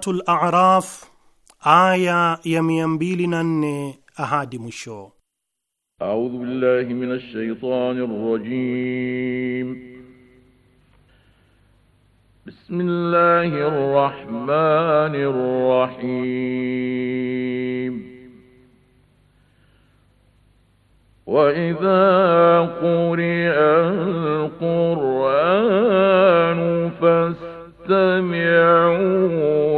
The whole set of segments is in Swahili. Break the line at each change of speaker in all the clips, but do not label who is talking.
Suratul A'raf aya ya mia mbili na nne ahadi mwisho.
A'udhu billahi minash shaitanir rajim. Bismillahir rahmanir rahim. وإذا قرئ القرآن فاستمعوا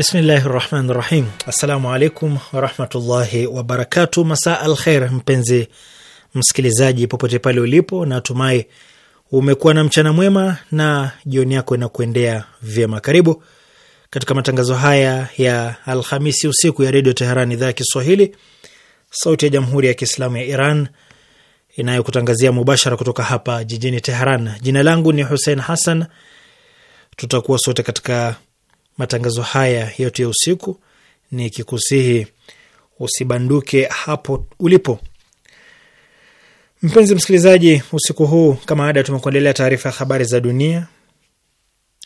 Bismillahi rahmani rahim. Assalamu alaikum warahmatullahi wabarakatu. Masaa al kheir, mpenzi msikilizaji, popote pale ulipo, natumai umekuwa na mchana mwema na jioni yako inakuendea vyema. Karibu katika matangazo haya ya Alhamisi usiku ya Redio Teheran, idhaa ya Kiswahili, sauti ya Jamhuri ya Kiislamu ya Iran inayokutangazia mubashara kutoka hapa jijini Teheran. Jina langu ni Husein Hassan, tutakuwa sote katika matangazo haya yote ya usiku, ni kikusihi usibanduke hapo ulipo. Mpenzi msikilizaji, usiku huu kama ada, tumekuandalia taarifa ya habari za dunia,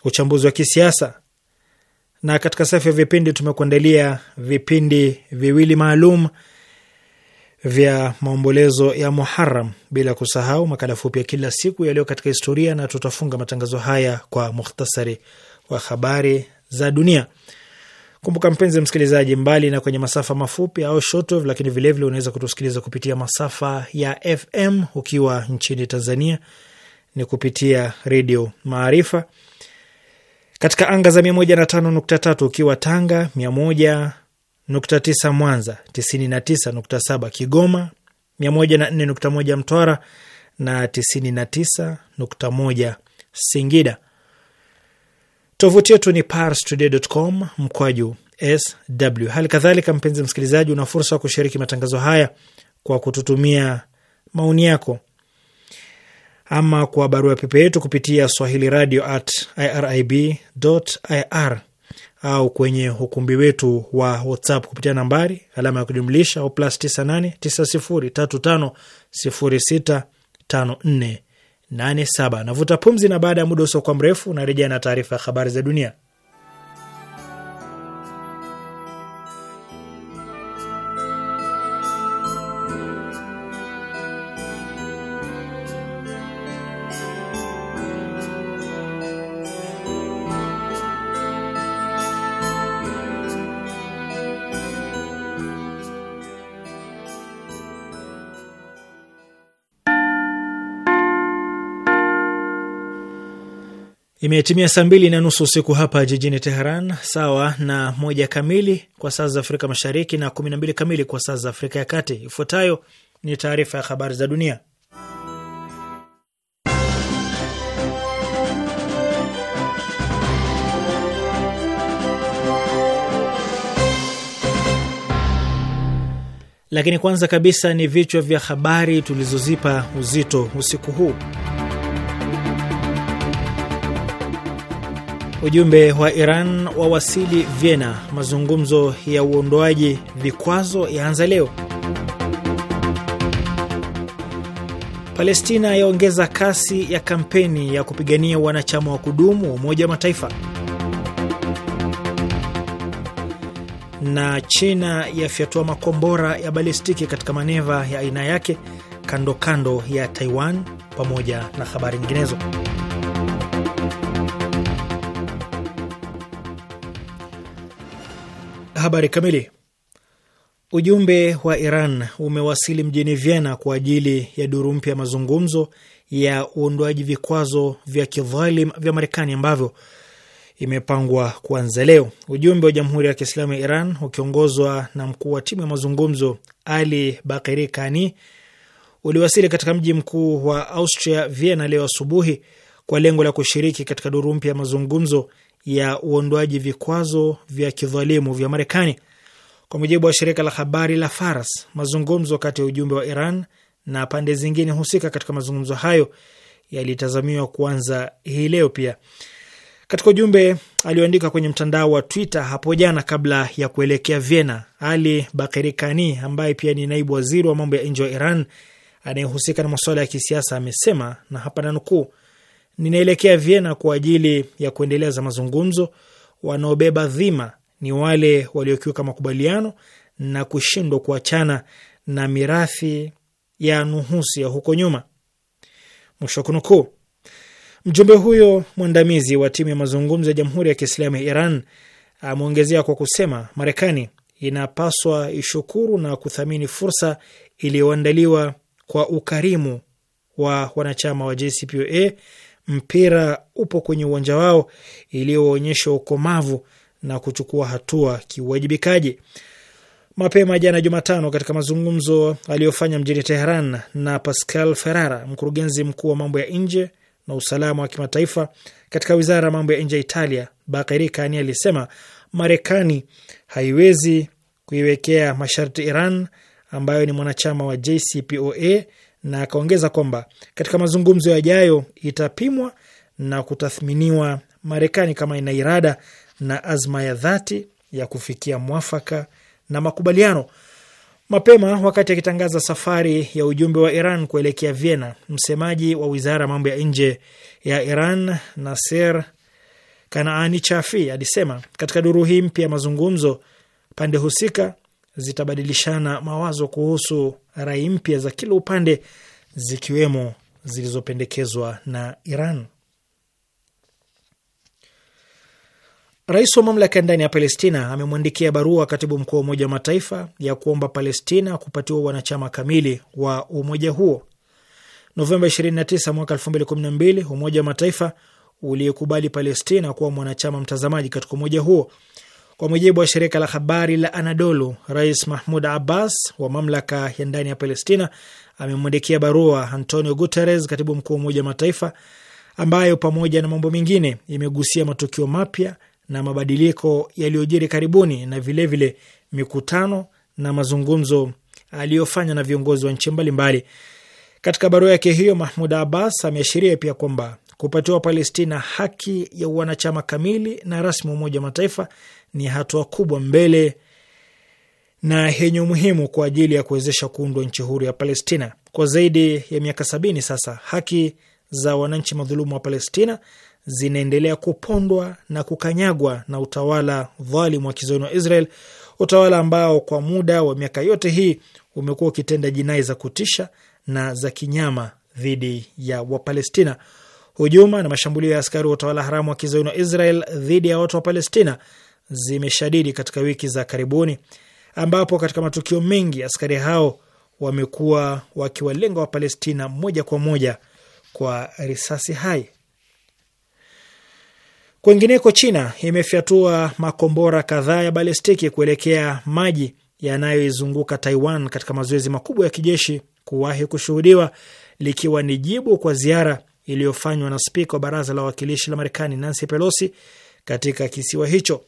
uchambuzi wa kisiasa, na katika safu ya vipindi tumekuandalia vipindi viwili maalum vya maombolezo ya muharam bila kusahau makala fupi ya kila siku yaliyo katika historia, na tutafunga matangazo haya kwa mukhtasari wa habari za dunia. Kumbuka mpenzi msikilizaji, mbali na kwenye masafa mafupi au shortwave, lakini vilevile unaweza kutusikiliza kupitia masafa ya FM ukiwa nchini Tanzania ni kupitia Redio Maarifa katika anga za 105.3 ukiwa Tanga, 101.9 Mwanza, 99.7 Kigoma, 104.1 Mtwara na 99.1 Singida. Tovuti yetu ni parstoday.com mkwaju sw. Hali kadhalika, mpenzi msikilizaji, una fursa ya kushiriki matangazo haya kwa kututumia maoni yako ama kwa barua pepe yetu kupitia swahili radio at irib ir au kwenye ukumbi wetu wa WhatsApp kupitia nambari alama ya kujumlisha o plus 98 90 54 87. Navuta pumzi, na baada ya muda usiokuwa mrefu narejea na taarifa ya habari za dunia. Imetimia saa mbili na nusu usiku hapa jijini Teheran, sawa na moja kamili kwa saa za Afrika Mashariki na kumi na mbili kamili kwa saa za Afrika ya Kati. Ifuatayo ni taarifa ya habari za dunia, lakini kwanza kabisa ni vichwa vya habari tulizozipa uzito usiku huu. Ujumbe wa Iran wawasili Vienna. Mazungumzo ya uondoaji vikwazo yaanza leo. Palestina yaongeza kasi ya kampeni ya kupigania wanachama wa kudumu wa Umoja wa Mataifa. Na China yafyatua makombora ya balistiki katika maneva ya aina yake kando kando ya Taiwan, pamoja na habari nyinginezo. Habari kamili. Ujumbe wa Iran umewasili mjini Vienna kwa ajili ya duru mpya ya mazungumzo ya uondoaji vikwazo vya kidhalim vya Marekani ambavyo imepangwa kuanza leo. Ujumbe wa Jamhuri ya Kiislamu ya Iran ukiongozwa na mkuu wa timu ya mazungumzo Ali Bakiri Kani uliwasili katika mji mkuu wa Austria Vienna leo asubuhi kwa lengo la kushiriki katika duru mpya ya mazungumzo ya uondoaji vikwazo vya kidhalimu vya Marekani. Kwa mujibu wa shirika la habari la Fars, mazungumzo kati ya ujumbe wa Iran na pande zingine husika katika mazungumzo hayo yalitazamiwa kuanza hii leo. Pia katika ujumbe alioandika kwenye mtandao wa Twitter hapo jana kabla ya kuelekea Vienna, Ali Bakeri Kani ambaye pia ni naibu waziri wa mambo ya nje wa Iran anayehusika na masuala ya kisiasa amesema, na hapa nanukuu ninaelekea Vienna kwa ajili ya kuendeleza mazungumzo. Wanaobeba dhima ni wale waliokiuka makubaliano na kushindwa kuachana na mirathi ya nuhusi ya huko nyuma, mwisho kunukuu. Mjumbe huyo mwandamizi wa timu ya mazungumzo ya Jamhuri ya Kiislamu ya Iran ameongezea kwa kusema Marekani inapaswa ishukuru na kuthamini fursa iliyoandaliwa kwa ukarimu wa wanachama wa JCPOA mpira upo kwenye uwanja wao, iliyoonyesha ukomavu na kuchukua hatua kiuwajibikaji. Mapema jana Jumatano, katika mazungumzo aliyofanya mjini Teheran na Pascal Ferrara, mkurugenzi mkuu wa mambo ya nje na usalama wa kimataifa katika wizara ya mambo ya nje ya Italia, Bakeri Kani alisema Marekani haiwezi kuiwekea masharti Iran ambayo ni mwanachama wa JCPOA na akaongeza kwamba katika mazungumzo yajayo itapimwa na kutathminiwa Marekani kama ina irada na azma ya dhati ya kufikia mwafaka na makubaliano. Mapema wakati akitangaza safari ya ujumbe wa Iran kuelekea Vienna, msemaji wa wizara ya mambo ya nje ya Iran Naser Kanaani Chafi alisema katika duru hii mpya ya mazungumzo, pande husika zitabadilishana mawazo kuhusu rai mpya za kila upande zikiwemo zilizopendekezwa na Iran. Rais wa mamlaka ya ndani ya Palestina amemwandikia barua katibu mkuu wa Umoja wa Mataifa ya kuomba Palestina kupatiwa wanachama kamili wa umoja huo. Novemba 29 mwaka 2012 Umoja wa Mataifa uliyekubali Palestina kuwa mwanachama mtazamaji katika umoja huo. Kwa mujibu wa shirika la habari la Anadolu, Rais Mahmud Abbas wa mamlaka ya ndani ya Palestina amemwandikia barua Antonio Guterres, katibu mkuu wa Umoja wa Mataifa, ambayo pamoja na mambo mengine imegusia matukio mapya na mabadiliko yaliyojiri karibuni na vilevile vile mikutano na mazungumzo aliyofanya na viongozi wa nchi mbalimbali. Katika barua yake hiyo, Mahmud Abbas ameashiria pia kwamba Kupatiwa Palestina haki ya wanachama kamili na rasmi wa Umoja wa Mataifa ni hatua kubwa mbele na yenye umuhimu kwa ajili ya kuwezesha kuundwa nchi huru ya Palestina. Kwa zaidi ya miaka sabini sasa, haki za wananchi madhulumu wa Palestina zinaendelea kupondwa na kukanyagwa na utawala dhalimu wa kizoni wa Israel, utawala ambao kwa muda wa miaka yote hii umekuwa ukitenda jinai za kutisha na za kinyama dhidi ya Wapalestina. Hujuma na mashambulio ya askari wa utawala haramu wa kizayuni wa Israel dhidi ya watu wa Palestina zimeshadidi katika wiki za karibuni, ambapo katika matukio mengi askari hao wamekuwa wakiwalenga Palestina moja kwa moja kwa risasi hai. Kwengineko, China imefyatua makombora kadhaa ya balistiki kuelekea maji yanayoizunguka Taiwan katika mazoezi makubwa ya kijeshi kuwahi kushuhudiwa, likiwa ni jibu kwa ziara iliyofanywa na spika wa baraza la wawakilishi la Marekani Nancy Pelosi katika kisiwa hicho.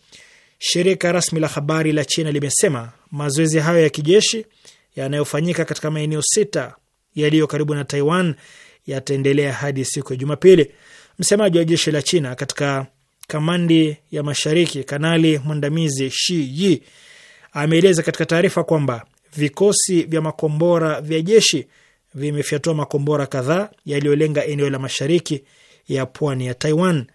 Shirika rasmi la habari la China limesema mazoezi hayo ya kijeshi yanayofanyika katika maeneo sita yaliyo karibu na Taiwan yataendelea hadi siku ya Jumapili. Msemaji wa jeshi la China katika kamandi ya mashariki, Kanali mwandamizi Shi Yi ameeleza katika taarifa kwamba vikosi vya makombora vya jeshi vimefyatua makombora kadhaa yaliyolenga eneo la mashariki ya pwani ya Taiwan.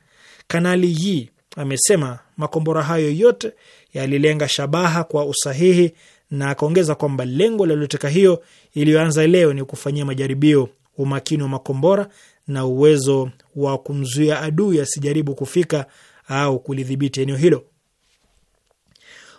Kanali Yi amesema makombora hayo yote yalilenga shabaha kwa usahihi na akaongeza kwamba lengo la luteka hiyo iliyoanza leo ni kufanyia majaribio umakini wa makombora na uwezo wa kumzuia adui asijaribu kufika au kulidhibiti eneo hilo.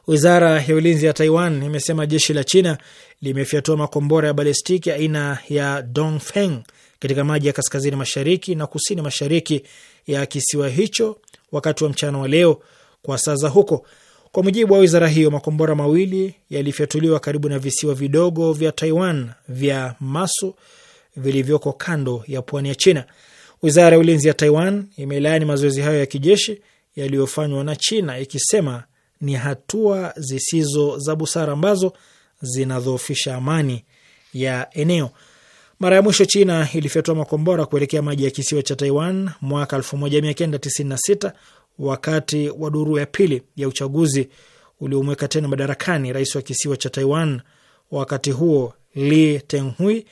Wizara ya ulinzi ya Taiwan imesema jeshi la China limefyatua makombora ya balistiki aina ya Dongfeng katika maji ya kaskazini mashariki na kusini mashariki ya kisiwa hicho wakati wa mchana wa leo kwa saa za huko. Kwa mujibu wa wizara hiyo, makombora mawili yalifyatuliwa karibu na visiwa vidogo vya Taiwan vya Masu vilivyoko kando ya pwani ya China. Wizara ya ulinzi ya Taiwan imelaani mazoezi hayo ya kijeshi yaliyofanywa na China ikisema ni hatua zisizo za busara ambazo zinadhoofisha amani ya eneo. Mara ya mwisho China ilifyatua makombora kuelekea maji ya kisiwa cha Taiwan mwaka 1996 wakati wa duru ya pili ya uchaguzi uliomweka tena madarakani rais wa kisiwa cha Taiwan wakati huo Lee teng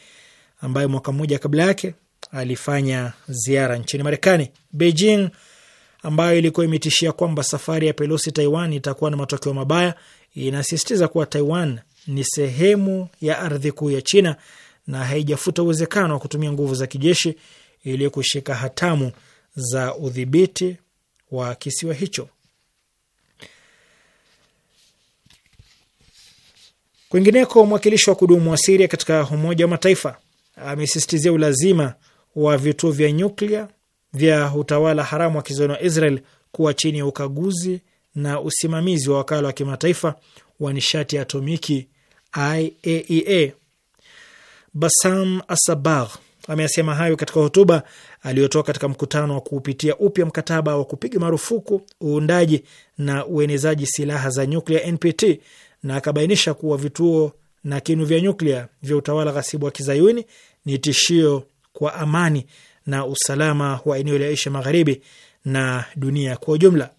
ambaye mwaka mmoja kabla yake alifanya ziara nchini Marekani. Beijing ambayo ilikuwa imetishia kwamba safari ya Pelosi Taiwan itakuwa na matokeo mabaya, inasisitiza kuwa Taiwan ni sehemu ya ardhi kuu ya China na haijafuta uwezekano wa kutumia nguvu za kijeshi ili kushika hatamu za udhibiti wa kisiwa hicho. Kwingineko, mwakilishi wa kudumu wa Siria katika Umoja wa Mataifa amesisitizia ulazima wa vituo vya nyuklia vya utawala haramu wa kizayuni wa Israel kuwa chini ya ukaguzi na usimamizi wa wakala wa kimataifa wa nishati ya atomiki IAEA. Basam Asabagh ameyasema hayo katika hotuba aliyotoa katika mkutano wa kuupitia upya mkataba wa kupiga marufuku uundaji na uenezaji silaha za nyuklia NPT, na akabainisha kuwa vituo na kinu vya nyuklia vya utawala ghasibu wa kizayuni ni tishio kwa amani na usalama wa eneo la Asia Magharibi na dunia kwa ujumla.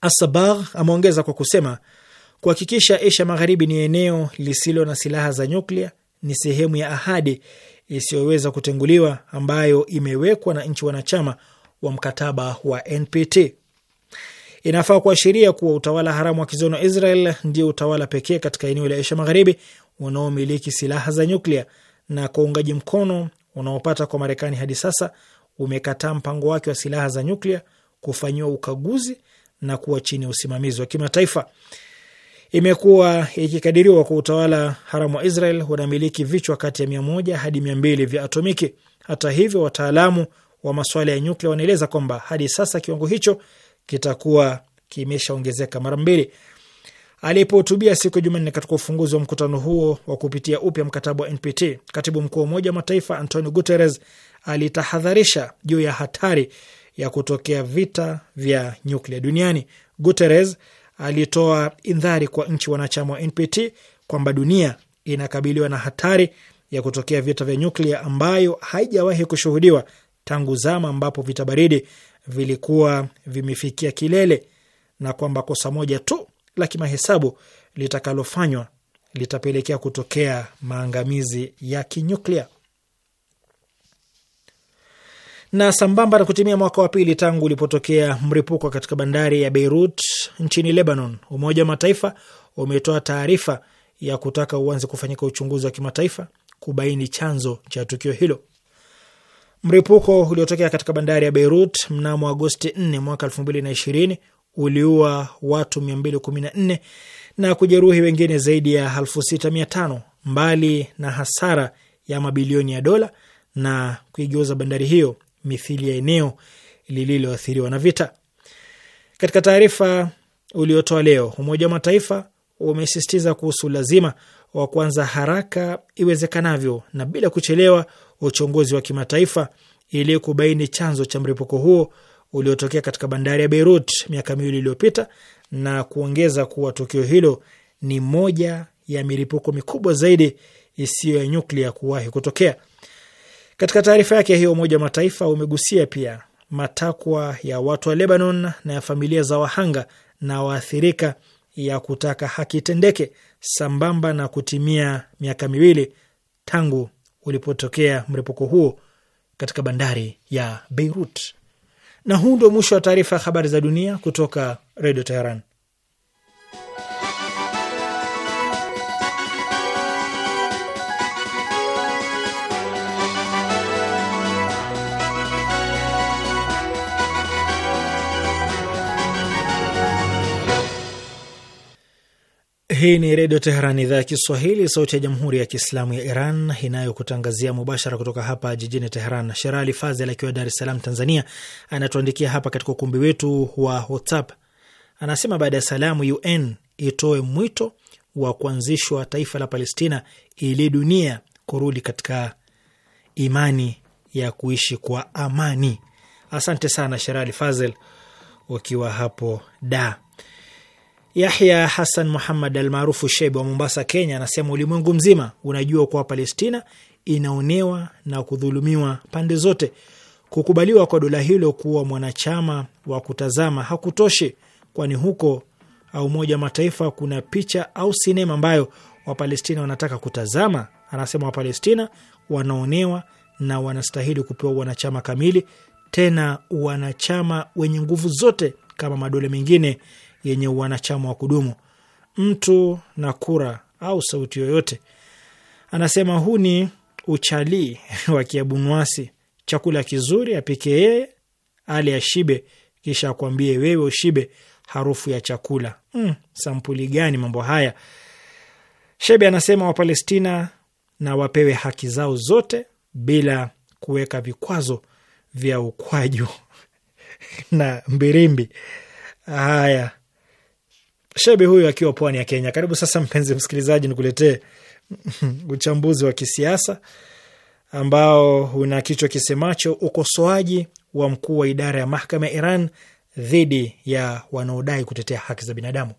Asabagh ameongeza kwa kusema kuhakikisha Asia Magharibi ni eneo lisilo na silaha za nyuklia ni sehemu ya ahadi isiyoweza kutenguliwa ambayo imewekwa na nchi wanachama wa mkataba wa NPT. Inafaa kuashiria kuwa utawala haramu wa kizono Israel ndio utawala pekee katika eneo la Asia Magharibi unaomiliki silaha za nyuklia, na kwa uungaji mkono unaopata kwa Marekani hadi sasa umekataa mpango wake wa silaha za nyuklia kufanyiwa ukaguzi na kuwa chini ya usimamizi wa kimataifa. Imekuwa ikikadiriwa kwa utawala haramu wa Israel unamiliki vichwa kati ya mia moja hadi mia mbili vya atomiki. Hata hivyo, wataalamu wa masuala ya nyuklia wanaeleza kwamba hadi sasa kiwango hicho kitakuwa kimeshaongezeka mara mbili. Alipohutubia siku ya Jumanne katika ufunguzi wa mkutano huo wa kupitia upya mkataba wa NPT, katibu mkuu wa Umoja wa Mataifa Antonio Guterres alitahadharisha juu ya hatari ya kutokea vita vya nyuklia duniani. Guterres alitoa indhari kwa nchi wanachama wa NPT kwamba dunia inakabiliwa na hatari ya kutokea vita vya nyuklia ambayo haijawahi kushuhudiwa tangu zama ambapo vita baridi vilikuwa vimefikia kilele na kwamba kosa moja tu la kimahesabu litakalofanywa litapelekea kutokea maangamizi ya kinyuklia. Na sambamba na kutimia mwaka wa pili tangu ulipotokea mripuko katika bandari ya Beirut nchini Lebanon, Umoja wa Mataifa umetoa taarifa ya kutaka uanze kufanyika uchunguzi wa kimataifa kubaini chanzo cha tukio hilo. Mripuko uliotokea katika bandari ya Beirut mnamo Agosti 4 mwaka 2020 uliua watu 214 na kujeruhi wengine zaidi ya 6500 mbali na hasara ya mabilioni ya dola na kuigeuza bandari hiyo mithili ya eneo lililoathiriwa na vita. Katika taarifa uliotoa leo, Umoja wa Mataifa umesisitiza kuhusu lazima wa kuanza haraka iwezekanavyo na bila kuchelewa uchunguzi wa kimataifa ili kubaini chanzo cha mlipuko huo uliotokea katika bandari ya Beirut miaka miwili iliyopita na kuongeza kuwa tukio hilo ni moja ya milipuko mikubwa zaidi isiyo ya nyuklia kuwahi kutokea. Katika taarifa yake hiyo, Umoja wa Mataifa umegusia pia matakwa ya watu wa Lebanon na ya familia za wahanga na waathirika ya kutaka haki itendeke sambamba na kutimia miaka miwili tangu ulipotokea mlipuko huo katika bandari ya Beirut. Na huu ndio mwisho wa taarifa ya habari za dunia kutoka Redio Teheran. Hii ni Redio Teheran, idhaa ya Kiswahili, sauti ya Jamhuri ya Kiislamu ya Iran inayokutangazia mubashara kutoka hapa jijini Teheran. Sherali Fazel akiwa Dar es Salaam, Tanzania, anatuandikia hapa katika ukumbi wetu wa WhatsApp. Anasema baada ya salamu, UN itoe mwito wa kuanzishwa taifa la Palestina ili dunia kurudi katika imani ya kuishi kwa amani. Asante sana Sherali Fazel ukiwa hapo da Yahya Hassan Muhammad almaarufu Shebe wa Mombasa, Kenya, anasema ulimwengu mzima unajua kuwa Palestina inaonewa na kudhulumiwa pande zote. Kukubaliwa kwa dola hilo kuwa mwanachama wa kutazama hakutoshi, kwani huko au Umoja wa Mataifa kuna picha au sinema ambayo Wapalestina wanataka kutazama. Anasema Wapalestina wanaonewa na wanastahili kupewa wanachama kamili, tena wanachama wenye nguvu zote kama madola mengine yenye wanachama wa kudumu. Mtu na kura au sauti yoyote. Anasema huu ni uchalii wa kiabunwasi. Chakula kizuri apike yeye, ale ashibe, kisha akwambie wewe ushibe. Harufu ya chakula mm, sampuli gani mambo haya? Shebe anasema Wapalestina na wapewe haki zao zote bila kuweka vikwazo vya ukwaju na mbirimbi. Haya, Shebi huyu akiwa pwani ya Kenya. Karibu sasa, mpenzi msikilizaji, nikuletee uchambuzi wa kisiasa ambao una kichwa kisemacho ukosoaji wa mkuu wa idara ya mahakama ya Iran dhidi ya wanaodai kutetea haki za binadamu.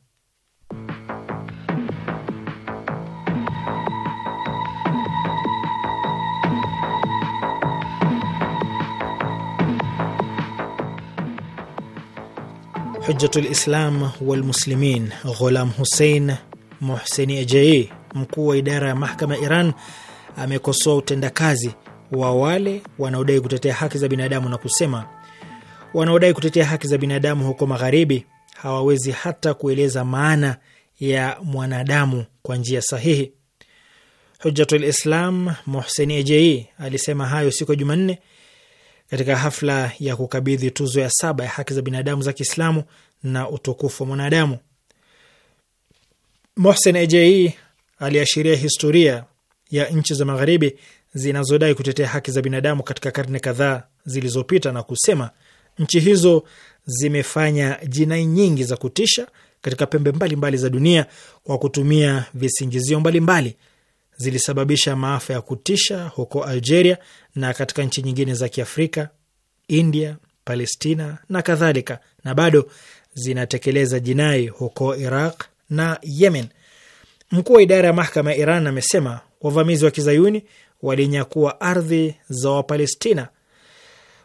Hujjatul lislam walmuslimin Ghulam Hussein Mohseni Ejei, mkuu wa idara ya mahakama ya Iran, amekosoa utendakazi wa wale wanaodai kutetea haki za binadamu na kusema wanaodai kutetea haki za binadamu huko Magharibi hawawezi hata kueleza maana ya mwanadamu kwa njia sahihi. Hujjatul Islam Mohseni Ejei alisema hayo siku ya Jumanne katika hafla ya kukabidhi tuzo ya saba ya haki za binadamu za Kiislamu na utukufu wa mwanadamu. Mohsen Ejei aliashiria historia ya nchi za magharibi zinazodai kutetea haki za binadamu katika karne kadhaa zilizopita na kusema nchi hizo zimefanya jinai nyingi za kutisha katika pembe mbalimbali mbali za dunia kwa kutumia visingizio mbalimbali mbali zilisababisha maafa ya kutisha huko Algeria na katika nchi nyingine za Kiafrika, India, Palestina na kadhalika, na bado zinatekeleza jinai huko Iraq na Yemen. Mkuu wa idara ya mahakama ya Iran amesema wavamizi wa kizayuni walinyakua ardhi za Wapalestina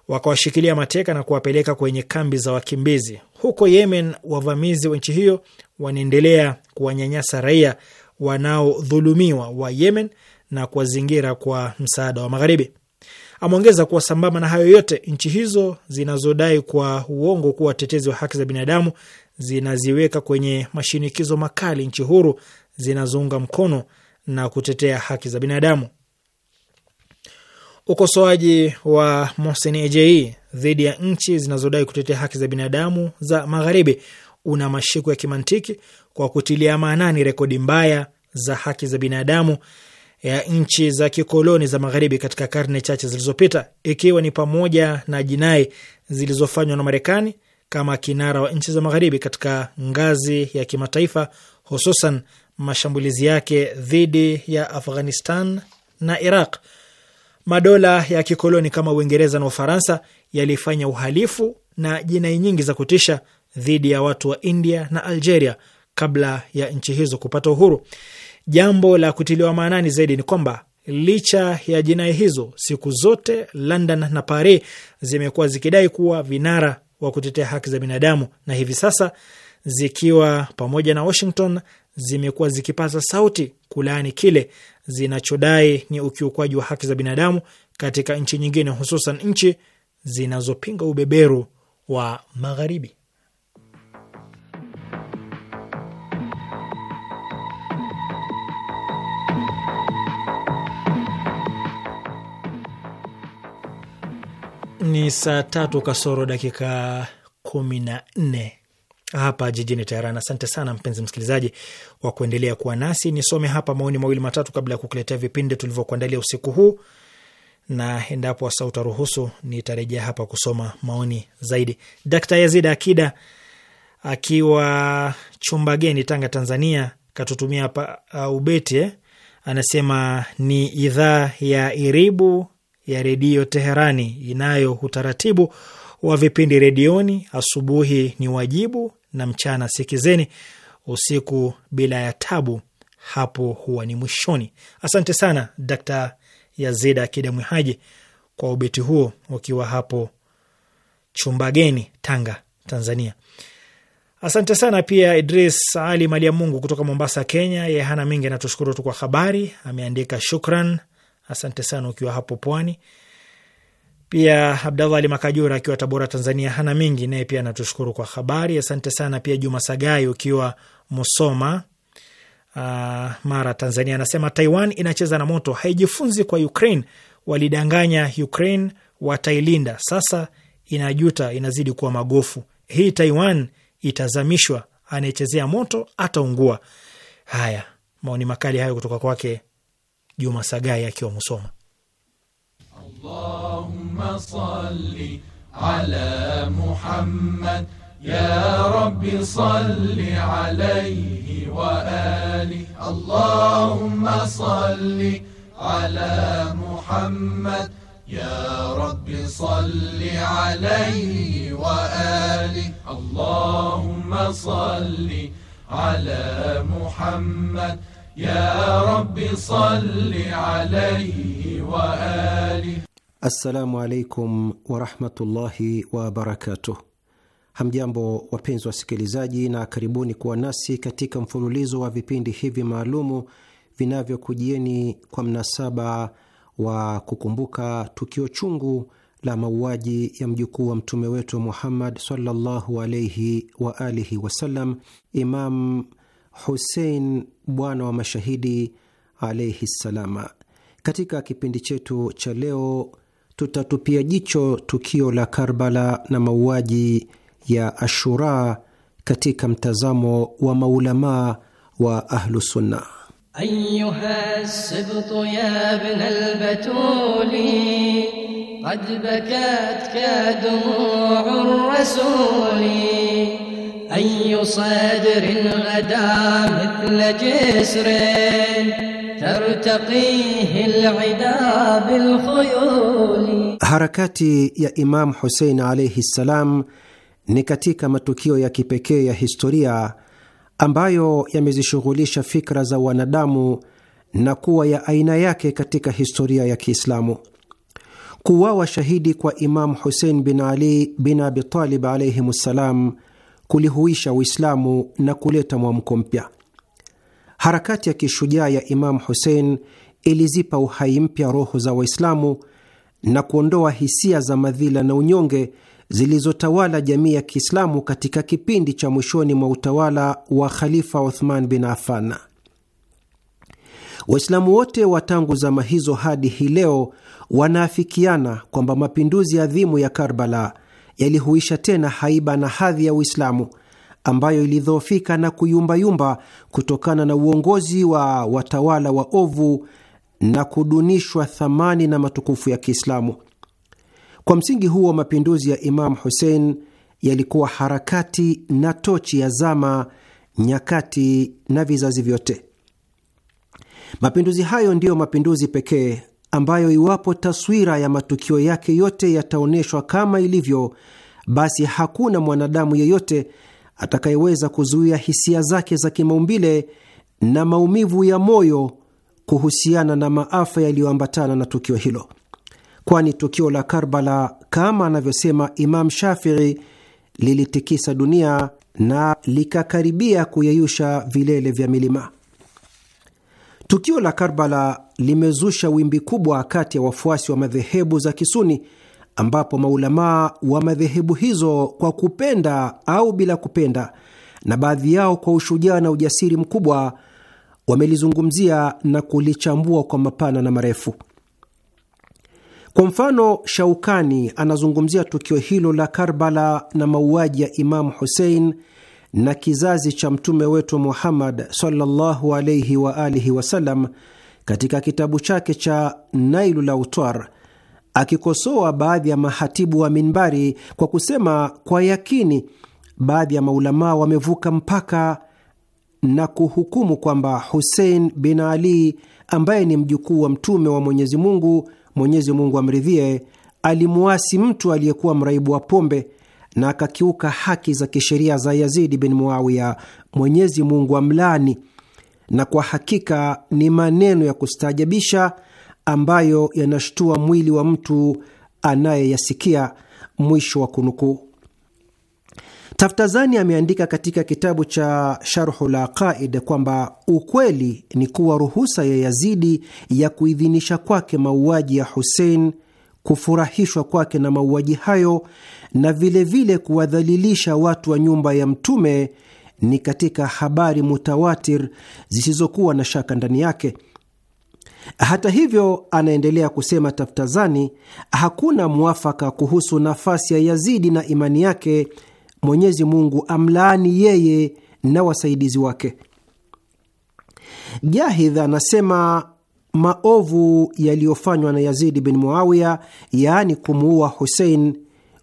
wakawashikilia mateka na kuwapeleka kwenye kambi za wakimbizi huko Yemen. Wavamizi wa nchi hiyo wanaendelea kuwanyanyasa raia wanaodhulumiwa wa Yemen na kuwazingira kwa msaada wa Magharibi. Ameongeza kuwa sambamba na hayo yote, nchi hizo zinazodai kwa uongo kuwa watetezi wa haki za binadamu zinaziweka kwenye mashinikizo makali nchi huru zinazounga mkono na kutetea haki za binadamu. Ukosoaji wa Mohsen Ejei dhidi ya nchi zinazodai kutetea haki za binadamu za Magharibi una mashiko ya kimantiki kwa kutilia maanani rekodi mbaya za haki za binadamu ya nchi za kikoloni za magharibi katika karne chache zilizopita, ikiwa ni pamoja na jinai zilizofanywa na Marekani kama kinara wa nchi za magharibi katika ngazi ya kimataifa, hususan mashambulizi yake dhidi ya Afghanistan na Iraq. Madola ya kikoloni kama Uingereza na Ufaransa yalifanya uhalifu na jinai nyingi za kutisha dhidi ya watu wa India na Algeria kabla ya nchi hizo kupata uhuru. Jambo la kutiliwa maanani zaidi ni kwamba licha ya jinai hizo, siku zote London na Paris zimekuwa zikidai kuwa vinara wa kutetea haki za binadamu, na hivi sasa zikiwa pamoja na Washington zimekuwa zikipaza sauti kulaani kile zinachodai ni ukiukwaji wa haki za binadamu katika nchi nyingine, hususan nchi zinazopinga ubeberu wa Magharibi. Ni saa tatu kasoro dakika kumi na nne hapa jijini Teheran. Asante sana mpenzi msikilizaji kwa kuendelea kuwa nasi. Nisome hapa maoni mawili matatu kabla ya kukuletea vipindi tulivyokuandalia usiku huu, na endapo wasaa utaruhusu nitarejea hapa kusoma maoni zaidi. Dkt Yazid Akida akiwa chumba geni Tanga, Tanzania, katutumia hapa uh, ubeti, eh, anasema ni idhaa ya Iribu ya Redio Teherani inayo utaratibu wa vipindi redioni. Asubuhi ni wajibu na mchana sikizeni, usiku bila ya tabu, hapo huwa ni mwishoni. Asante sana Dakta Yazida Akida Mwihaji kwa ubeti huo, ukiwa hapo Chumbageni, Tanga, Tanzania. Asante sana pia Idris Ali Mungu kutoka Mombasa, Kenya. Yehana mingi, anatushukuru tu kwa habari. Ameandika shukran Asante sana ukiwa hapo pwani. Pia Abdallah Ali Makajura akiwa Tabora, Tanzania, hana mingi naye pia anatushukuru kwa habari. Asante sana pia Juma Sagai ukiwa Musoma, uh, Mara, Tanzania, anasema Taiwan inacheza na moto, haijifunzi kwa Ukraine. Walidanganya Ukraine watailinda, sasa inajuta, inazidi kuwa magofu. Hii Taiwan itazamishwa, anayechezea moto ataungua. Haya, maoni makali hayo kutoka kwake Juma Sagai akiwa Musoma.
Allahumma salli ala Muhammad ya rabbi salli alayhi wa ali. Allahumma salli ala Muhammad يا رب صل عليه وآله اللهم صل على محمد ya rabbi salli
alayhi wa alihi. Assalamu alaikum warahmatullahi wabarakatuh. Hamjambo wapenzi wasikilizaji, na karibuni kuwa nasi katika mfululizo wa vipindi hivi maalumu vinavyokujieni kwa mnasaba wa kukumbuka tukio chungu la mauaji ya mjukuu wa mtume wetu Muhammad sallallahu alaihi wa alihi wasallam, Imam Husein bwana wa mashahidi alaihi ssalama. Katika kipindi chetu cha leo, tutatupia jicho tukio la Karbala na mauaji ya Ashura katika mtazamo wa maulamaa wa Ahlusunna.
Ayuha sibtu ya dumuu rasuli أي صدر غدا مثل جسر ترتقيه العدا بالخيول
Harakati ya Imam Husein alaihi السلام ni katika matukio ya kipekee ya historia ambayo yamezishughulisha fikra za wanadamu na kuwa ya aina yake katika historia ya Kiislamu. Kuuawa shahidi kwa Imamu Husein bin Ali bin Abi Talib alaihim ssalam kulihuisha Uislamu na kuleta mwamko mpya. Harakati ya kishujaa ya Imamu Husein ilizipa uhai mpya roho za Waislamu na kuondoa hisia za madhila na unyonge zilizotawala jamii ya Kiislamu katika kipindi cha mwishoni mwa utawala wa Khalifa Uthman bin Affan. Waislamu wote wa tangu zama hizo hadi hii leo wanaafikiana kwamba mapinduzi adhimu ya Karbala yalihuisha tena haiba na hadhi ya Uislamu ambayo ilidhoofika na kuyumbayumba kutokana na uongozi wa watawala wa ovu na kudunishwa thamani na matukufu ya Kiislamu. Kwa msingi huo, mapinduzi ya Imamu Husein yalikuwa harakati na tochi ya zama, nyakati na vizazi vyote. Mapinduzi hayo ndiyo mapinduzi pekee ambayo iwapo taswira ya matukio yake yote yataonyeshwa kama ilivyo, basi hakuna mwanadamu yeyote atakayeweza kuzuia hisia zake za kimaumbile na maumivu ya moyo kuhusiana na maafa yaliyoambatana na tukio hilo, kwani tukio la Karbala, kama anavyosema Imam Shafii, lilitikisa dunia na likakaribia kuyeyusha vilele vya milima. Tukio la Karbala limezusha wimbi kubwa kati ya wafuasi wa madhehebu za Kisuni, ambapo maulamaa wa madhehebu hizo kwa kupenda au bila kupenda, na baadhi yao kwa ushujaa na ujasiri mkubwa, wamelizungumzia na kulichambua kwa mapana na marefu. Kwa mfano, Shaukani anazungumzia tukio hilo la Karbala na mauaji ya Imamu Husein na kizazi cha mtume wetu Muhammad sallallahu alaihi wa alihi wasallam katika kitabu chake cha Nailul Autar akikosoa baadhi ya mahatibu wa minbari kwa kusema, kwa yakini baadhi ya maulamaa wamevuka mpaka na kuhukumu kwamba Husein bin Ali ambaye ni mjukuu wa mtume wa Mwenyezi Mungu, Mwenyezi Mungu amridhie, alimuasi mtu aliyekuwa mraibu wa pombe na akakiuka haki za kisheria za Yazidi bin Muawiya, Mwenyezi Mungu amlani. Na kwa hakika ni maneno ya kustaajabisha ambayo yanashtua mwili wa mtu anayeyasikia. Mwisho wa kunukuu. Taftazani ameandika katika kitabu cha Sharhul Aqaid kwamba ukweli ni kuwa ruhusa ya Yazidi ya kuidhinisha kwake mauaji ya Husein kufurahishwa kwake na mauaji hayo na vilevile kuwadhalilisha watu wa nyumba ya Mtume ni katika habari mutawatir zisizokuwa na shaka ndani yake. Hata hivyo, anaendelea kusema Taftazani, hakuna mwafaka kuhusu nafasi ya Yazidi na imani yake. Mwenyezi Mungu amlaani yeye na wasaidizi wake. Jahidh anasema maovu yaliyofanywa na Yazidi bin Muawiya, yaani kumuua Husein,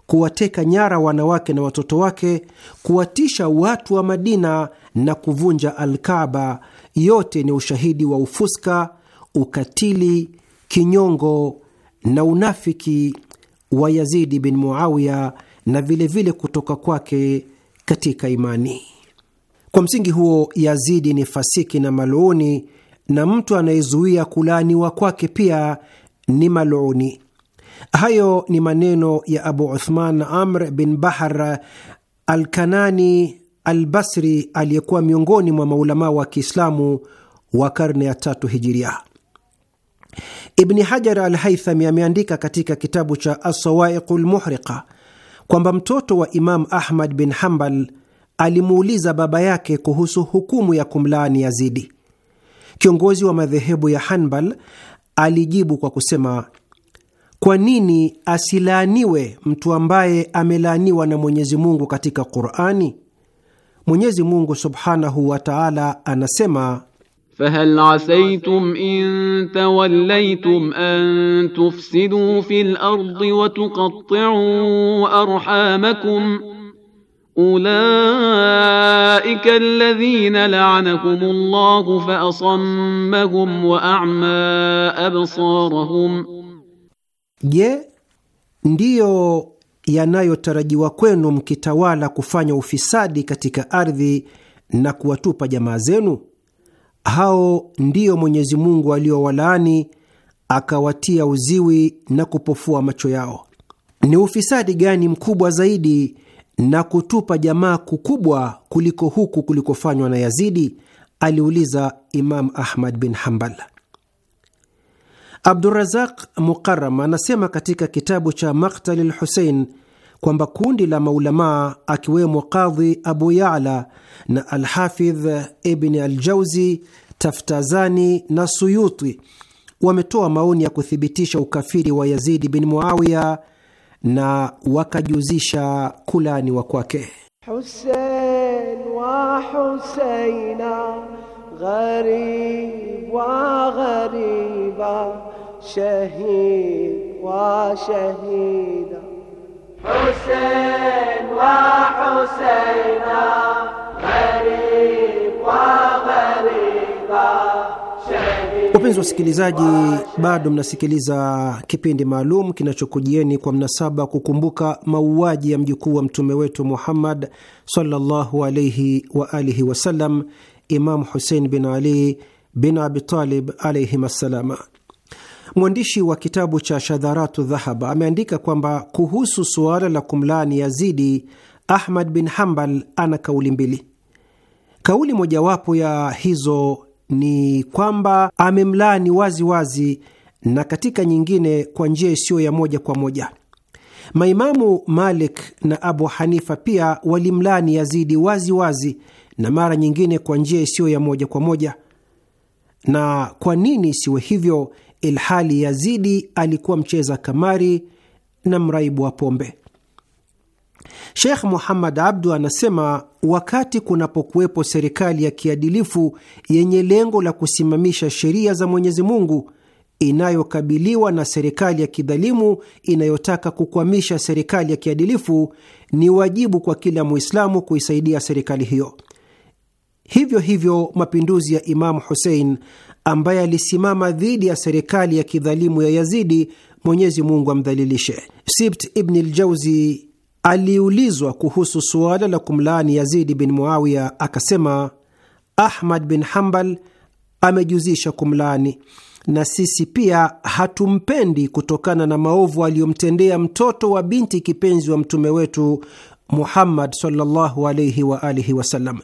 kuwateka nyara wanawake na watoto wake, kuwatisha watu wa Madina na kuvunja Alkaba, yote ni ushahidi wa ufuska, ukatili, kinyongo na unafiki wa Yazidi bin Muawiya na vilevile vile kutoka kwake katika imani. Kwa msingi huo, Yazidi ni fasiki na maluuni na mtu anayezuia kulaaniwa kwake pia ni maluni. Hayo ni maneno ya Abu Uthman Amr bin Bahar Alkanani Albasri aliyekuwa miongoni mwa maulamaa wa Kiislamu wa karne ya tatu hijiria. Ibni Hajar al ameandika katika kitabu cha Asawaiqu lmuhriqa kwamba mtoto wa Imam Ahmad bin Hambal alimuuliza baba yake kuhusu hukumu ya kumlaani Yazidi. Kiongozi wa madhehebu ya Hanbal alijibu kwa kusema, kwa nini asilaaniwe mtu ambaye amelaaniwa na Mwenyezi Mungu katika Qurani? Mwenyezi Mungu subhanahu wa taala anasema
Fahal asaytum in tawallaytum an tufsidu fil ardi wa tuqatti'u arhamakum Ulaika alladhina la'anahumullahu fa asammahum wa a'ma
Je, ndiyo yanayotarajiwa kwenu mkitawala kufanya ufisadi katika ardhi na kuwatupa jamaa zenu? Hao ndiyo Mwenyezi Mungu aliowalaani akawatia uziwi na kupofua macho yao. Ni ufisadi gani mkubwa zaidi na kutupa jamaa kukubwa kuliko huku kulikofanywa na Yazidi? aliuliza Imam Ahmad bin Hambal. Abdurazaq Muqaram anasema katika kitabu cha Maktali lHusein kwamba kundi la maulamaa akiwemo Qadhi Abu Yala na Alhafidh Ibni Aljauzi, Taftazani na Suyuti wametoa maoni ya kuthibitisha ukafiri wa Yazidi bin Muawiya na wakajuzisha kulani kwake. Husein wa Huseina gharib wa ghariba shahid wa shahida
Husein wa Huseina
gharib
Wapenzi wasikilizaji, bado mnasikiliza kipindi maalum kinachokujieni kwa mnasaba kukumbuka mauaji ya mjukuu wa mtume wetu Muhammad sallallahu alaihi wa alihi wasallam, Imamu Husein bin Ali bin Abitalib alaihim assalama. Mwandishi wa kitabu cha Shadharatu Dhahaba ameandika kwamba kuhusu suala la kumlaani Yazidi, Ahmad bin Hambal ana kauli mbili. Kauli mojawapo ya hizo ni kwamba amemlaani wazi wazi, na katika nyingine kwa njia isiyo ya moja kwa moja. Maimamu Malik na Abu Hanifa pia walimlaani Yazidi wazi wazi na mara nyingine kwa njia isiyo ya moja kwa moja. Na kwa nini isiwe hivyo, ilhali Yazidi alikuwa mcheza kamari na mraibu wa pombe? Sheikh Muhammad Abdu anasema wakati kunapokuwepo serikali ya kiadilifu yenye lengo la kusimamisha sheria za Mwenyezi Mungu inayokabiliwa na serikali ya kidhalimu inayotaka kukwamisha serikali ya kiadilifu, ni wajibu kwa kila Muislamu kuisaidia serikali hiyo. Hivyo hivyo mapinduzi ya Imamu Husein ambaye alisimama dhidi ya serikali ya kidhalimu ya Yazidi, Mwenyezi Mungu amdhalilishe. Sibt Ibn Ljauzi aliulizwa kuhusu suala la kumlaani Yazidi bin Muawiya akasema, Ahmad bin Hambal amejuzisha kumlaani na sisi pia hatumpendi kutokana na maovu aliyomtendea mtoto wa binti kipenzi wa mtume wetu Muhammad sallallahu alaihi wa alihi wasallam.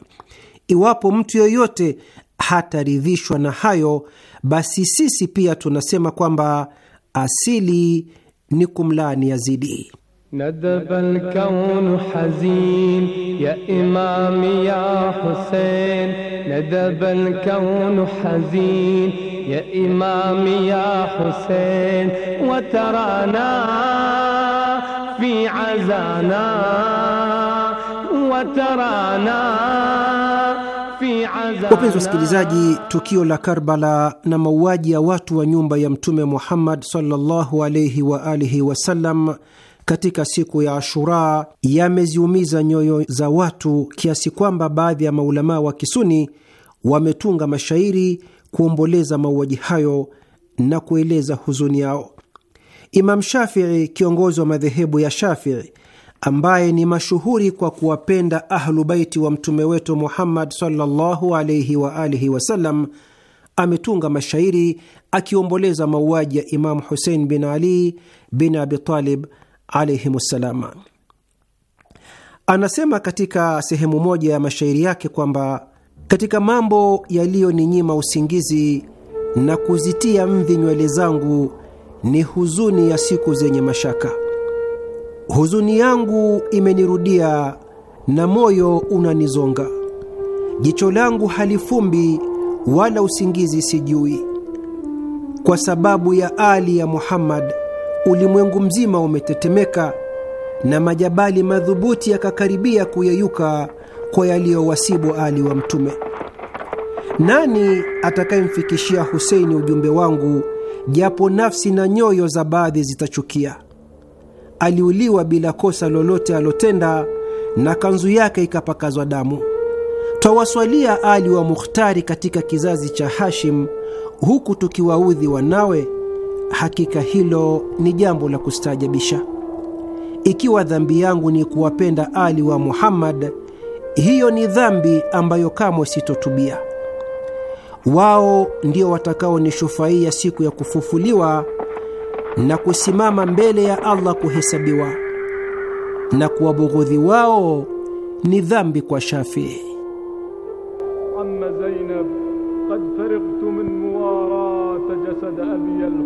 Iwapo mtu yoyote hataridhishwa na hayo, basi sisi pia tunasema kwamba asili ni kumlaani Yazidi.
ندب الكون حزين يا إمام يا حسين ندب الكون حزين يا إمام يا حسين وترانا في عزانا وترانا
Wapenzi wasikilizaji,
tukio la Karbala na mauaji ya watu wa nyumba ya Mtume Muhammad sallallahu alayhi wa alihi wasallam katika siku ya Ashura yameziumiza nyoyo za watu kiasi kwamba baadhi ya maulamaa wa Kisuni wametunga mashairi kuomboleza mauaji hayo na kueleza huzuni yao. Imam Shafii, kiongozi wa madhehebu ya Shafii ambaye ni mashuhuri kwa kuwapenda Ahlu Baiti wa mtume wetu Muhammad sallallahu alaihi wa alihi wasallam, ametunga mashairi akiomboleza mauaji ya Imamu Husein bin Ali bin Abi Talib alaihimussalam. Anasema katika sehemu moja ya mashairi yake kwamba katika mambo yaliyoninyima usingizi na kuzitia mvi nywele zangu ni huzuni ya siku zenye mashaka. Huzuni yangu imenirudia na moyo unanizonga, jicho langu halifumbi wala usingizi sijui, kwa sababu ya Ali ya Muhammad ulimwengu mzima umetetemeka na majabali madhubuti yakakaribia kuyeyuka kwa yaliyowasibu Ali wa Mtume. Nani atakayemfikishia Huseini ujumbe wangu, japo nafsi na nyoyo za baadhi zitachukia? Aliuliwa bila kosa lolote alotenda, na kanzu yake ikapakazwa damu. Twawaswalia Ali wa Mukhtari katika kizazi cha Hashim, huku tukiwaudhi wanawe Hakika hilo ni jambo la kustaajabisha. Ikiwa dhambi yangu ni kuwapenda Ali wa Muhammad, hiyo ni dhambi ambayo kamwe sitotubia. Wao ndio watakaonishufaia siku ya kufufuliwa na kusimama mbele ya Allah kuhesabiwa, na kuwabughudhi wao ni dhambi kwa Shafii.
Amma Zainab, min jasad abi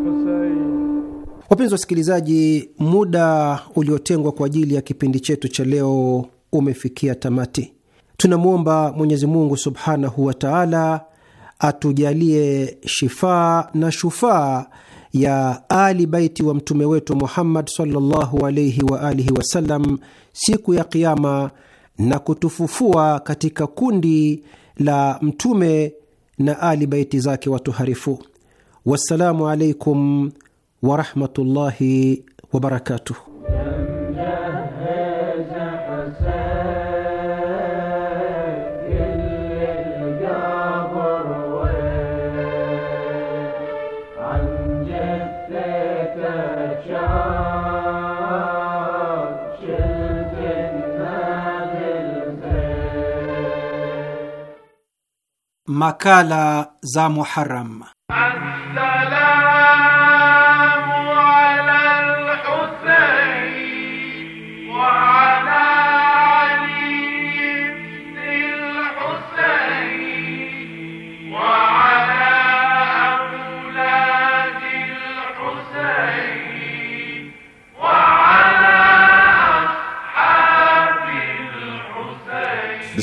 Wapenzi wasikilizaji, muda uliotengwa kwa ajili ya kipindi chetu cha leo umefikia tamati. Tunamwomba Mwenyezi Mungu subhanahu wa taala atujalie shifaa na shufaa ya Ali Baiti wa mtume wetu Muhammad sallallahu alaihi wa alihi wasallam siku ya Kiama na kutufufua katika kundi la mtume na Ali Baiti zake watuharifu. Wassalamu alaikum ورحمه الله وبركاته makala za Muharram.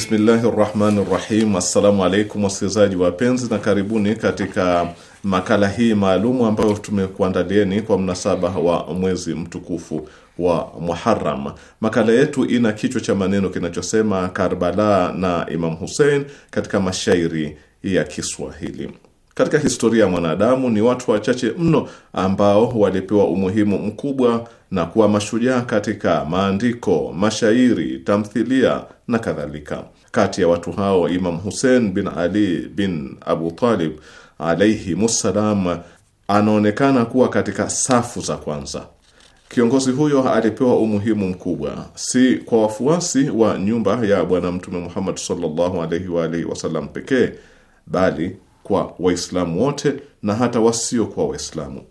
Bismillahi rahmani rahim. Assalamu alaikum wasikilizaji wapenzi, na karibuni katika makala hii maalumu ambayo tumekuandalieni kwa mnasaba wa mwezi mtukufu wa Muharram. Makala yetu ina kichwa cha maneno kinachosema Karbala na Imam Hussein katika mashairi ya Kiswahili. Katika historia ya mwanadamu ni watu wachache mno ambao walipewa umuhimu mkubwa na kuwa mashujaa katika maandiko, mashairi, tamthilia na kadhalika. Kati ya watu hao Imam Hussein bin Ali bin Abu Talib alaihimussalam anaonekana kuwa katika safu za kwanza. Kiongozi huyo alipewa umuhimu mkubwa si kwa wafuasi wa nyumba ya Bwana Mtume Muhammad sallallahu alaihi wa alihi wasallam pekee bali kwa Waislamu wote na hata wasiokuwa Waislamu.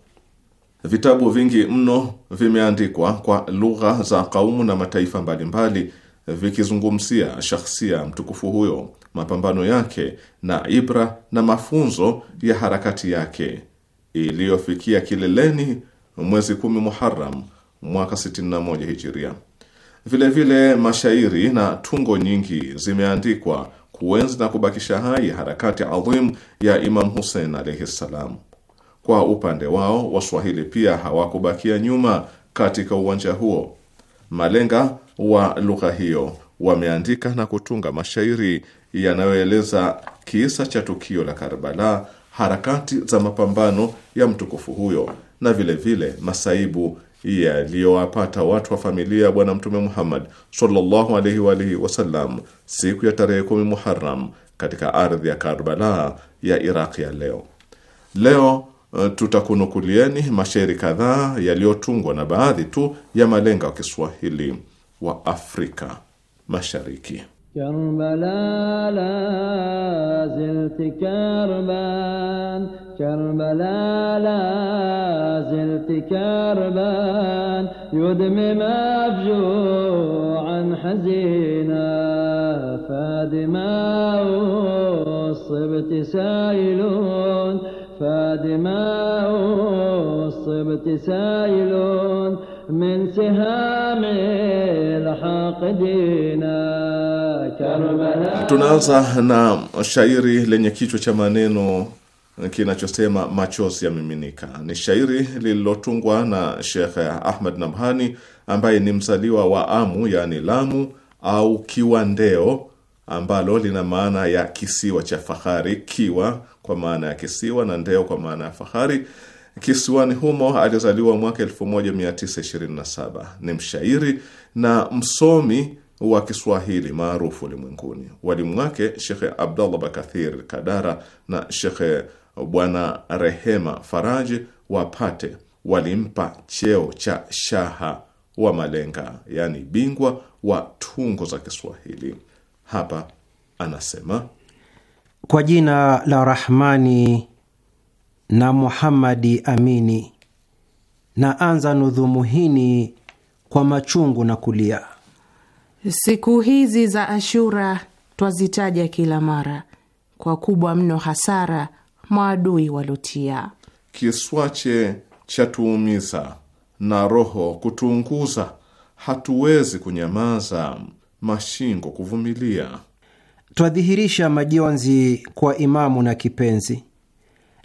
Vitabu vingi mno vimeandikwa kwa lugha za kaumu na mataifa mbalimbali vikizungumzia shakhsia mtukufu huyo, mapambano yake na ibra na mafunzo ya harakati yake iliyofikia kileleni mwezi kumi Muharram mwaka 61 Hijiria. Vilevile mashairi na tungo nyingi zimeandikwa kuenzi na kubakisha hai harakati adhim ya Imam Husein alaihi ssalam. Kwa upande wao Waswahili pia hawakubakia nyuma katika uwanja huo. Malenga wa lugha hiyo wameandika na kutunga mashairi yanayoeleza kisa cha tukio la Karbala, harakati za mapambano ya mtukufu huyo na vilevile vile masaibu yaliyowapata watu wa familia ya Bwana Mtume Muhammad sallallahu alaihi wa alihi wasallam siku ya tarehe kumi Muharram katika ardhi ya Karbala ya Iraq ya leo. Leo uh, tutakunukulieni mashairi kadhaa yaliyotungwa na baadhi tu ya malenga wa Kiswahili wa Afrika Mashariki.
Karbala, كربلاء لا زلت كربان يدمي مفجوعا حزينا فادما أصبت سائل فادما وصبت سايلون من سهام الحاقدين كربلاء Tunaanza
na shairi lenye kichwa cha kinachosema machozi yamiminika. Ni shairi lililotungwa na Shekh Ahmed Nabhani ambaye ni mzaliwa wa Amu, yaani Lamu au Kiwandeo, ambalo lina maana ya kisiwa cha fahari. Kiwa kwa maana ya kisiwa na ndeo kwa maana ya fahari. Kisiwani humo alizaliwa mwaka 1927. Ni mshairi na msomi wa Kiswahili maarufu ulimwenguni. Walimu wake Shekhe Abdallah Bakathir Kadara na Shekhe Bwana Rehema Faraji wapate walimpa cheo cha shaha wa malenga, yaani bingwa wa tungo za Kiswahili. Hapa anasema
kwa jina la Rahmani na Muhammadi amini, naanza nudhumu hini kwa machungu na kulia.
Siku hizi za Ashura twazitaja kila mara, kwa kubwa mno hasara maadui walotia.
Kiswache chatuumiza na roho kutuunguza, hatuwezi kunyamaza, mashingo kuvumilia.
Twadhihirisha majonzi kwa imamu na kipenzi,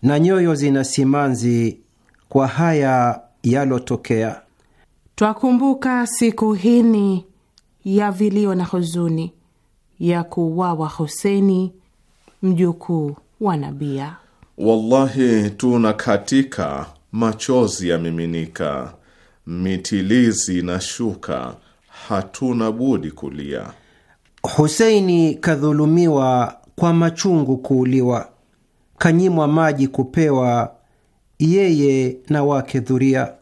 na nyoyo zina simanzi kwa haya yalotokea.
Twakumbuka siku hini ya vilio na huzuni ya kuwawa Huseni mjukuu wa Nabia.
Wallahi tunakatika, machozi yamiminika, mitilizi na shuka, hatuna budi kulia.
Huseini kadhulumiwa kwa machungu kuuliwa, kanyimwa maji kupewa, yeye na wake dhuria.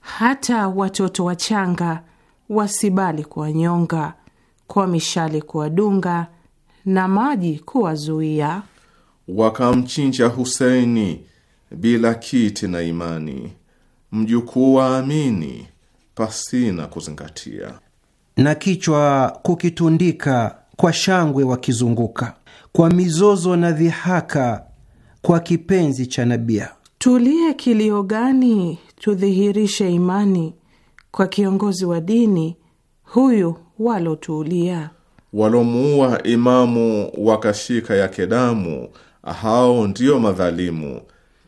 Hata watoto wachanga wasibali kuwanyonga, kwa mishale kuwadunga na maji kuwazuia
wakamchinja Huseini bila kiti na imani, mjukuu waamini pasina kuzingatia,
na kichwa kukitundika kwa shangwe wakizunguka, kwa mizozo na dhihaka, kwa kipenzi cha nabia.
Tulie kilio gani? Tudhihirishe imani kwa kiongozi wa dini huyu walotuulia,
walomuua imamu wakashika yake damu hao ndiyo madhalimu,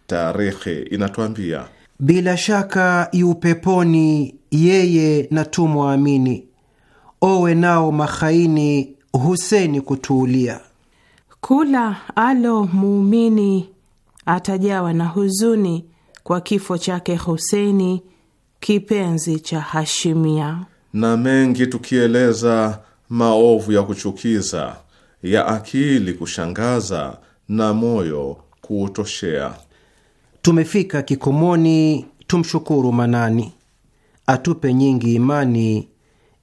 tarikhi inatuambia.
Bila shaka yupeponi yeye na tumwamini, owe nao makhaini Huseni kutuulia.
Kula alo muumini atajawa na huzuni kwa kifo chake Huseni kipenzi cha Hashimia.
Na mengi tukieleza maovu ya kuchukiza ya akili kushangaza na moyo kuutoshea.
Tumefika kikomoni, tumshukuru Manani atupe nyingi imani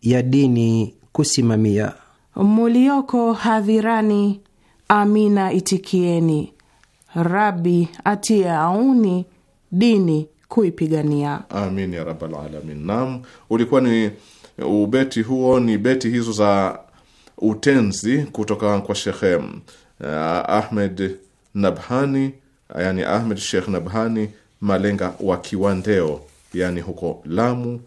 ya dini kusimamia.
Mulioko hadhirani, amina itikieni, Rabi atiye auni dini kuipigania.
Amin ya rabbal alamin. Naam, ulikuwa ni ubeti huo, ni beti hizo za utenzi kutoka kwa shehemu Ahmed Nabhani, yani Ahmed Sheikh Nabhani, malenga wa Kiwandeo, yani huko Lamu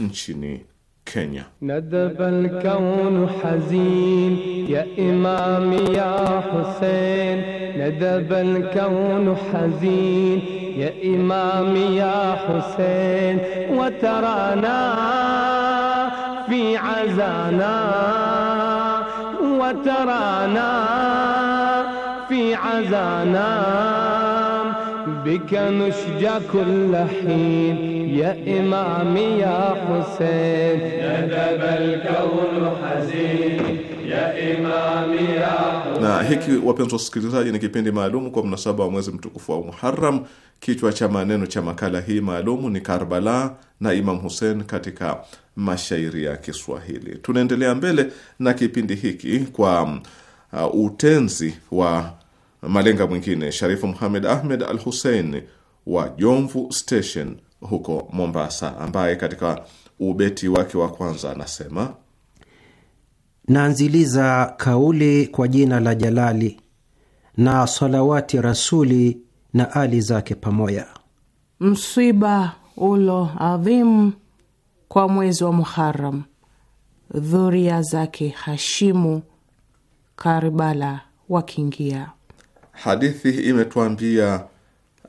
nchini Kenya.
Nadaba al-kawn hazin ya imam ya Hussein, nadaba al-kawn hazin ya imam ya Hussein, wa tarana fi azana وترانا في عزانا بك نشجى كل حين يا إمامي يا حسين ندب الكون حزين Na hiki
wapenzi wasikilizaji, ni kipindi maalumu kwa mnasaba wa mwezi mtukufu wa Muharram. Kichwa cha maneno cha makala hii maalumu ni Karbala na Imam Hussein katika mashairi ya Kiswahili. Tunaendelea mbele na kipindi hiki kwa uh, utenzi wa malenga mwingine Sharifu Muhamed Ahmed Al Hussein wa Jomvu Station huko Mombasa, ambaye katika ubeti wake wa kwanza anasema
naanziliza kauli kwa jina la Jalali na salawati rasuli na ali zake pamoja.
Msiba ulo adhimu kwa mwezi wa Muharam, dhuria zake Hashimu Karibala wakiingia.
Hadithi imetuambia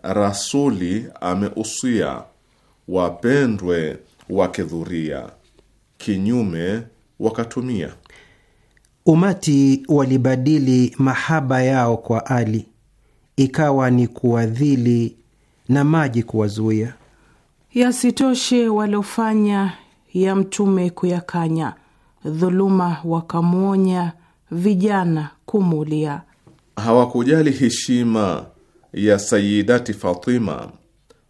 Rasuli ameusia wapendwe wake dhuria, kinyume wakatumia
Umati walibadili mahaba yao kwa Ali, ikawa ni kuwadhili na maji kuwazuia.
Yasitoshe waliofanya ya Mtume kuyakanya dhuluma, wakamwonya vijana kumuulia.
Hawakujali heshima ya Sayidati Fatima,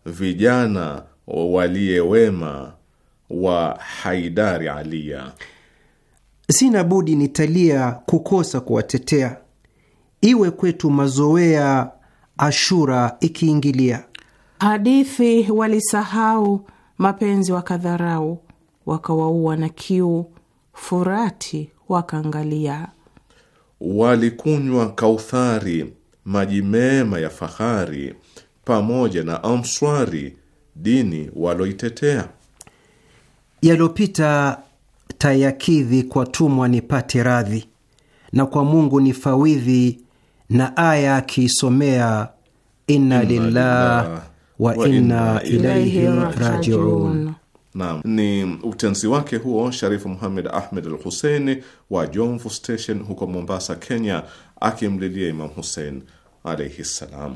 vijana waliyewema wa Haidari Aliya.
Sina budi nitalia kukosa kuwatetea, iwe kwetu mazoea Ashura ikiingilia
hadithi. Walisahau mapenzi, wakadharau, wakawaua na kiu, Furati wakaangalia.
Walikunywa Kauthari, maji mema ya fahari, pamoja na amswari, dini waloitetea.
Yaliyopita tayakidhi kwa tumwa nipate radhi, na kwa Mungu ni fawidhi, na aya akiisomea inna lillah wa inna ilaihi rajiun.
Naam, ni utenzi wake huo Sharifu Muhamed Ahmed al Huseini wa Jomvu Station huko Mombasa, Kenya, akimlilia Imam Husein alaihi ssalam.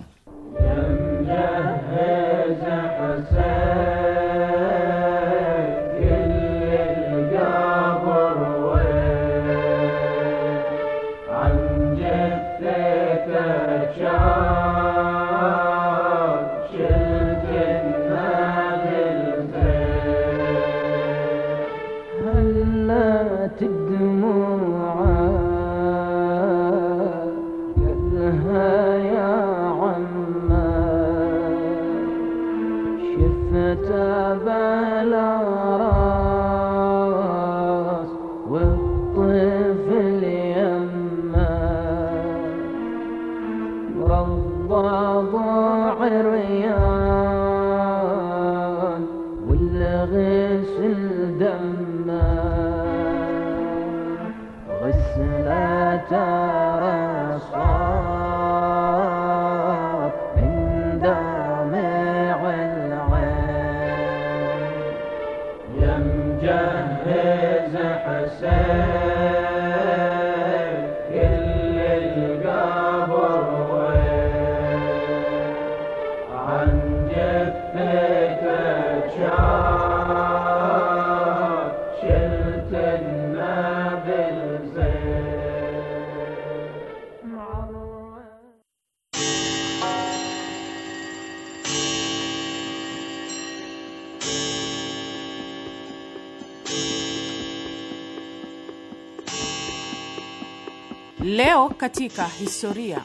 katika historia.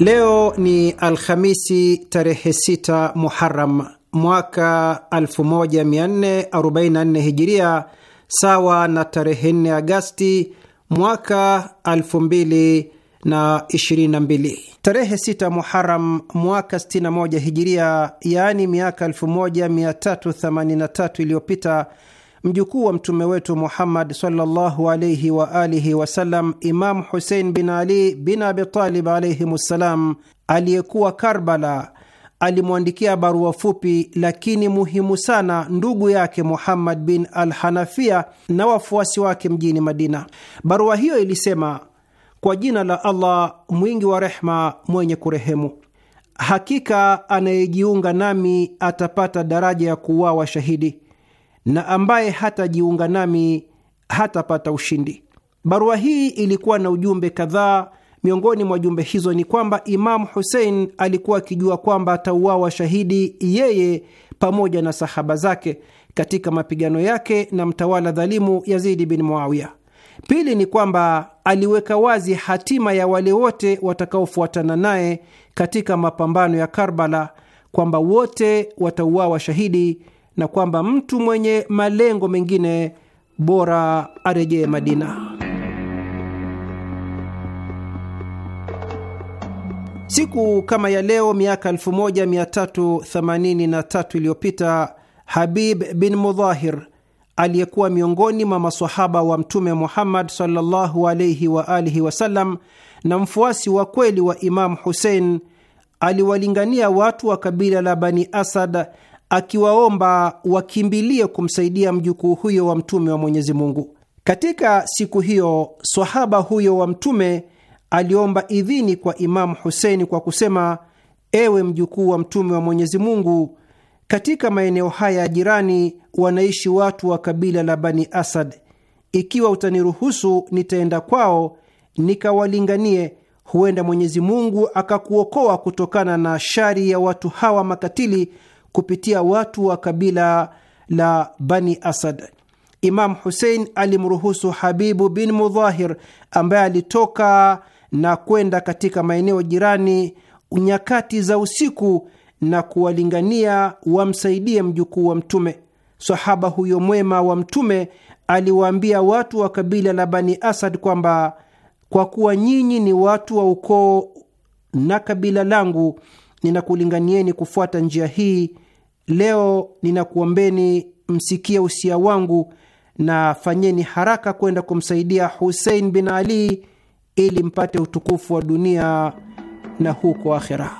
Leo ni Alhamisi tarehe 6 Muharam mwaka 1444 Hijiria, sawa na tarehe 4 Agasti mwaka 2022. Tarehe 6 Muharam mwaka 61 Hijiria, yaani miaka 1383 iliyopita mjukuu wa mtume wetu Muhammad sallallahu alayhi wa alihi wasallam, Imamu Husein bin Ali bin Abitalib alaihimussalam, aliyekuwa Karbala, alimwandikia barua fupi lakini muhimu sana ndugu yake Muhammad bin al-Hanafia na wafuasi wake mjini Madina. Barua hiyo ilisema: kwa jina la Allah mwingi wa rehma, mwenye kurehemu, hakika anayejiunga nami atapata daraja ya kuuawa shahidi na ambaye hatajiunga nami hatapata ushindi. Barua hii ilikuwa na ujumbe kadhaa. Miongoni mwa jumbe hizo ni kwamba Imamu Husein alikuwa akijua kwamba atauawa shahidi yeye pamoja na sahaba zake katika mapigano yake na mtawala dhalimu Yazidi bin Muawiya. Pili ni kwamba aliweka wazi hatima ya wale wote watakaofuatana naye katika mapambano ya Karbala, kwamba wote watauawa shahidi na kwamba mtu mwenye malengo mengine bora arejee Madina. Siku kama ya leo miaka 1383 iliyopita Habib bin Mudhahir aliyekuwa miongoni mwa masahaba wa Mtume Muhammad sallallahu alaihi wa alihi wasallam na mfuasi wa kweli wa Imamu Husein aliwalingania watu wa kabila la Bani Asad akiwaomba wakimbilie kumsaidia mjukuu huyo wa mtume wa Mwenyezi Mungu. Katika siku hiyo swahaba huyo wa mtume aliomba idhini kwa Imamu Huseini kwa kusema, ewe mjukuu wa mtume wa Mwenyezi Mungu, katika maeneo haya ya jirani wanaishi watu wa kabila la Bani Asad. Ikiwa utaniruhusu, nitaenda kwao nikawalinganie, huenda Mwenyezi Mungu akakuokoa kutokana na shari ya watu hawa makatili kupitia watu wa kabila la Bani Asad. Imam Husein alimruhusu Habibu bin Mudhahir ambaye alitoka na kwenda katika maeneo jirani nyakati za usiku na kuwalingania wamsaidie mjukuu wa Mtume. Sahaba huyo mwema wa Mtume aliwaambia watu wa kabila la Bani Asad kwamba kwa kuwa nyinyi ni watu wa ukoo na kabila langu, ninakulinganieni kufuata njia hii Leo ninakuombeni msikie usia wangu na fanyeni haraka kwenda kumsaidia Husein bin Ali ili mpate utukufu wa dunia na huko akhera.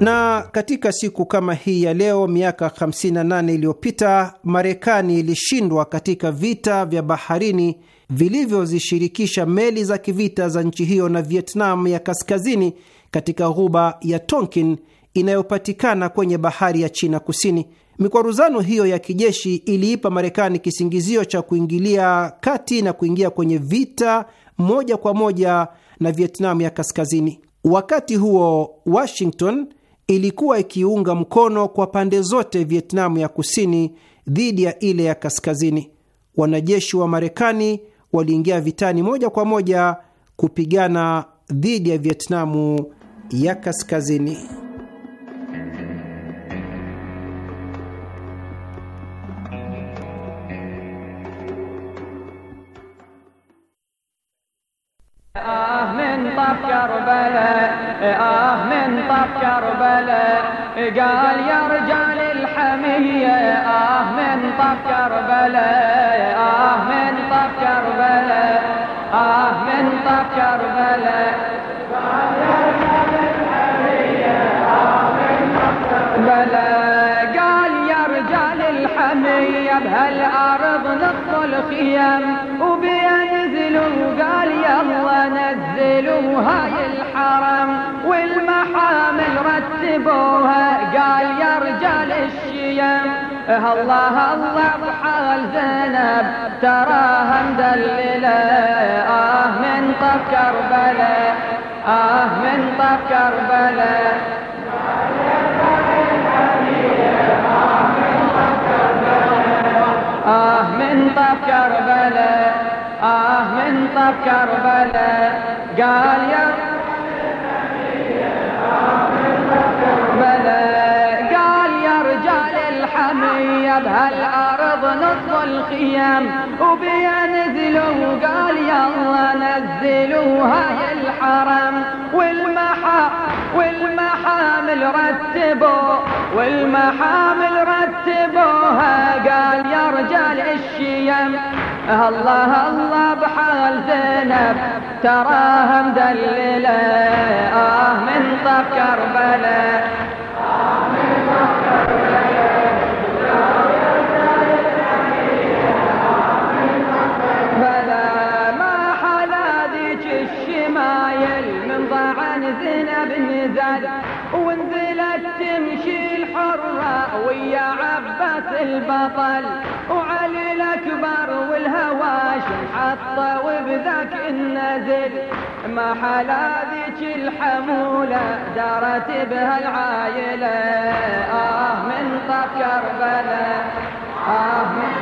Na katika siku kama hii ya leo miaka 58 iliyopita Marekani ilishindwa katika vita vya baharini vilivyozishirikisha meli za kivita za nchi hiyo na Vietnam ya kaskazini katika ghuba ya Tonkin inayopatikana kwenye bahari ya China Kusini. Mikwaruzano hiyo ya kijeshi iliipa Marekani kisingizio cha kuingilia kati na kuingia kwenye vita moja kwa moja na Vietnam ya kaskazini. Wakati huo, Washington ilikuwa ikiunga mkono kwa pande zote Vietnam ya kusini dhidi ya ile ya kaskazini. Wanajeshi wa Marekani waliingia vitani moja kwa moja kupigana dhidi ya Vietnamu ya kaskazini.
يا الأرض نطل الخيام وبيا نزلوا قال يلا نزلوا هاي الحرم والمحامل رتبوها قال يا رجال الشيام أه الله الله بحال زينب تراها مدللة آه من طف كربلاء آه من طف كربلاء آه من طف كربلاء آه من طف كربلاء قال يا رجال الحمية بهالأرض نصف الخيام وبيا نزلوا قال يلا نزلوا هاي الحرم والمحا والمحامل رتبوا والمحامل وابوها قال يا رجال الشيم الله الله بحال زينب تراها مدللة آه من طف كربلة بطل وعلي الأكبر والهواش حطه وبذاك النزل ما حلا ذيك الحمولة دارت بها العايلة آه من طف كربلة آه من